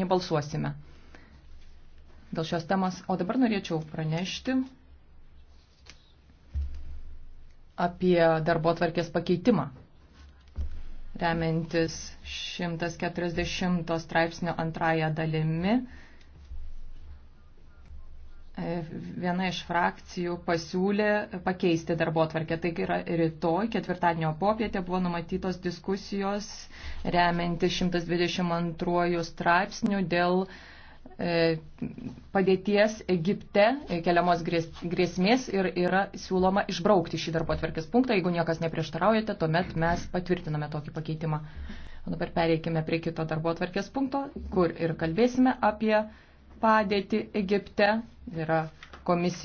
nebalsuosime dėl šios temos. O dabar norėčiau pranešti apie darbo tvarkės pakeitimą. Remiantis 140 straipsnio antrąją dalimi viena iš frakcijų pasiūlė pakeisti darbo atvarkę. Tai yra rytoj, ketvirtadienio popietė, buvo numatytos diskusijos remianti 122 straipsnių dėl e, padėties Egipte e, keliamos grėsmės ir yra siūloma išbraukti šį darbo atverkės punktą. Jeigu niekas neprieštaraujate, tuomet mes patvirtiname tokį pakeitimą. O dabar pereikime prie kito darbo atverkės punkto, kur ir kalbėsime apie padėtį Egipte. Yra komisijos.